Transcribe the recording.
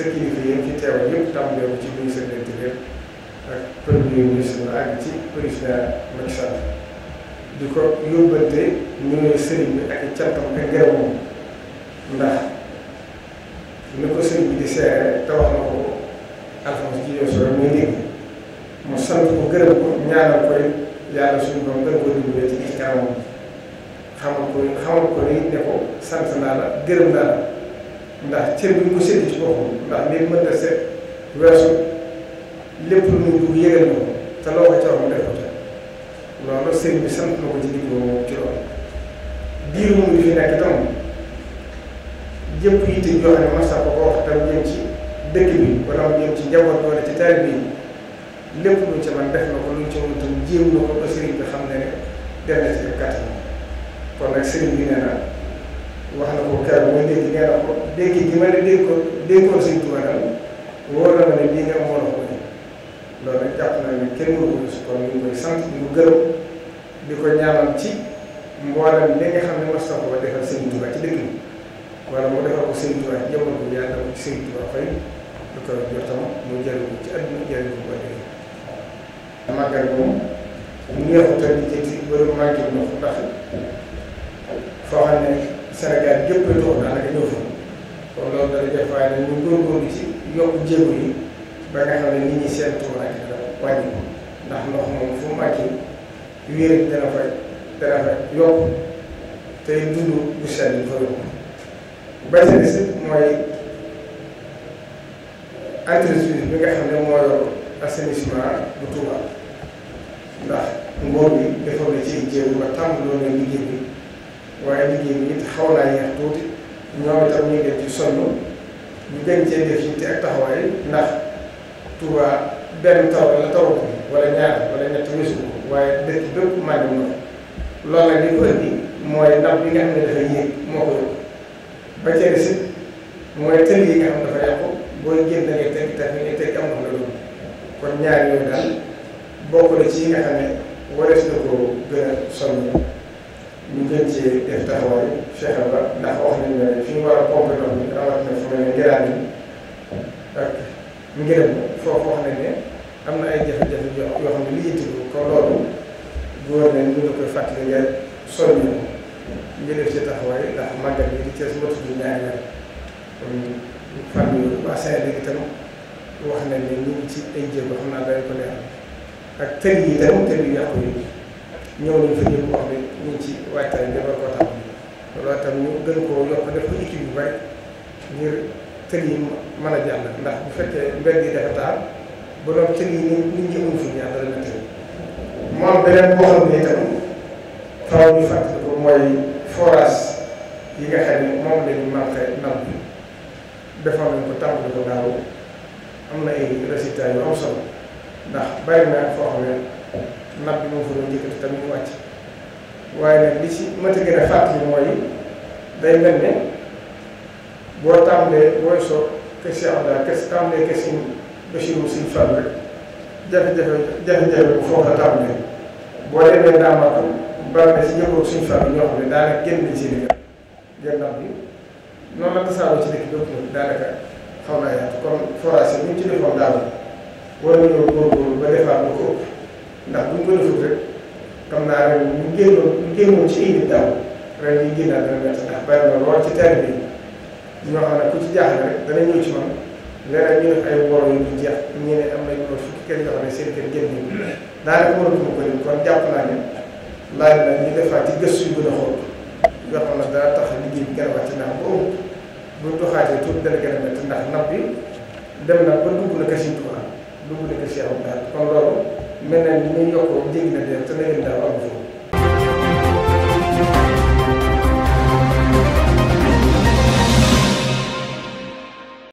sa kilifa yi ci teew yëpp tàmbalee ci ministre de l'Intérieur ak premier ministre ba àgg ci président Macky Sall di ko yóbbante ñu ne sëriñ bi ak cantam ak ngërëmam ndax ni ko sëriñ bi di seere te wax na ko Alphonse ci yow soo muy dégg mu sant ko gërëm ko ñaanal koy yàlla suñu doom gën ko dimbalee ci ci kanamam xamal ko xamal ko ni ne ko sant naa la gërëm naa la ndax cër bi mu sédd ci boppam ndax nit mën na seet weesu lépp lu muy dugg yëgal na ko te loo ko coow mu def ko ca loolu sëñ bi sant na ko ci digg boobu ci loolu biir mu ngi fi nekk itam yëpp yitte yoo xam ne masa ko ko wax tam jëm ci dëkk bi wala mu jëm ci njaboot wala ci taal bi lépp lu ci man def na ko lu ci mën tam jéem na ko ba sëriñ bi xam ne ne dem na ci def kàttan kon nag sëriñ bi nee na wax na ko kàddu mooy dégg nga ne ko dégg gi ma ne dégg ko déggoon Sëñ Tuubaa daal na ne lii a ko ne loolu nag jàpp ne kenn waru ko kon ñu ngi koy sant ñu gërëm di ko ñaanal ci mboolem li nga xam ne mas na ko defal Sëñ Tuubaa ci dëkk bi wala mu defal ko Sëñ Tuubaa jëmmal ko yàlla ko ci Sëñ Tuubaa fay lu ko jotam mu jëriñu ci àdduna jëriñu ko màggal moom neexutal ci bëri màggal ndax lépp lu ñu daanaka ñëw fa kon loolu dana def waaye nag ñu góorgóorlu ci yokk jéego yi ba nga xam ne nit ñi seen tuur ak wàññi ko ndax ndox moom fu mu àggee wéer dana fa dana fa yokk te dund bu sell yi fa yokk bâche mooy entreprise bi nga xam ne moo yor assainissement bu Touba ndax ngóor bi defoon na ci jéego ba tàmbaloon na liggéey bi. waaye liggéey bi it xaw naa yéex tuuti ñoom itam ñu gën ci sonn ñu gën cee def yitte ak taxawaay ndax Touba benn taw la taw ko wala ñaar wala ñett wésu ko waaye dëkk bépp màgg na loolu nag li ko indi mooy ndax bi nga xam ne dafa yéeg moo ko yóbbu ba ca des it mooy tënk yi nga xam dafa yàqu booy génn da ngay teg tax ngay teg am na loolu kon ñaar yooyu daal bokk na ci yi nga xam ne warees na ko gën a sonn. ñu gën cee def taxawaay fexe ba ndax wax nañ ne fi ñu war a compétent bi rawatina fu mel ne ngelaw yi ak ngelaw foofu wax nañ ne am na ay jafe-jafe yoo xam ne liy yëkkatiku kon loolu gouverneur ñu ngi koy fàttali nga soññu ko ñu def ci taxawaay ndax màggal bi di Thiès motu bi ñaari weer kon fan yu waa Sénégal itam wax nañ ne ñu ngi ci ay jéego xam naa dañ ko leeral ak tënk yi itam tënk yu yàqu yi. ñëw nañ fa ñëpp wax ne ñu ngi ci waajtaay bi war koo tàmbali loolu itam ñu gën koo yokk def ko équipe bu bari ngir kër yi mën a jàll ndax bu fekkee mbedd yi dafa taal ko mooy nga xam ne moom la ñu ko tàmbali am na ay résultats yu am solo ndax bari na foo xam ne nab bi moo fa doon yëkkati tamit mu wàcc waaye li ci mat a gën a fàttali mooy day mel ne boo tàmbalee booy soo kër si Abdoulaye kër si tàmbalee kër si Bachirou bu foofu la tàmbalee boo demee daamaatam bari na si ñëpp suñu ñoo xam ne daanaka génn nañ si liggéey jël nab bi noonu la tasaaroo ci dëkk dootul daanaka xaw defaat lu ko ndax bu ñu ko defut rek xam naa ren ñu génnoon ñu génnoon ci ay nit daaw ren ñu génnaat dana métti ndax bari na lool ci tari bi ñoo xam ne ku ci jaaxle rek dana ñëw ci man leneen ñu def ay woro yu ñu jeex ñu ne am nañu loolu fukki kër yoo xam ne seen kër génn ñu daanaka mënatu ma ko lim kon jàpp naa ne laaj na ñu defaat ci gëstu yu gën a xool yoo xam ne dana tax liggéey bi gën a wàcc ndax bu ñu doxaatee tuuti dana gën a métti ndax napp bi dem na ba dugg na kër si Tuubaa dugg na kër si Abdou mel na ni muy yokk jéggi na leen na leen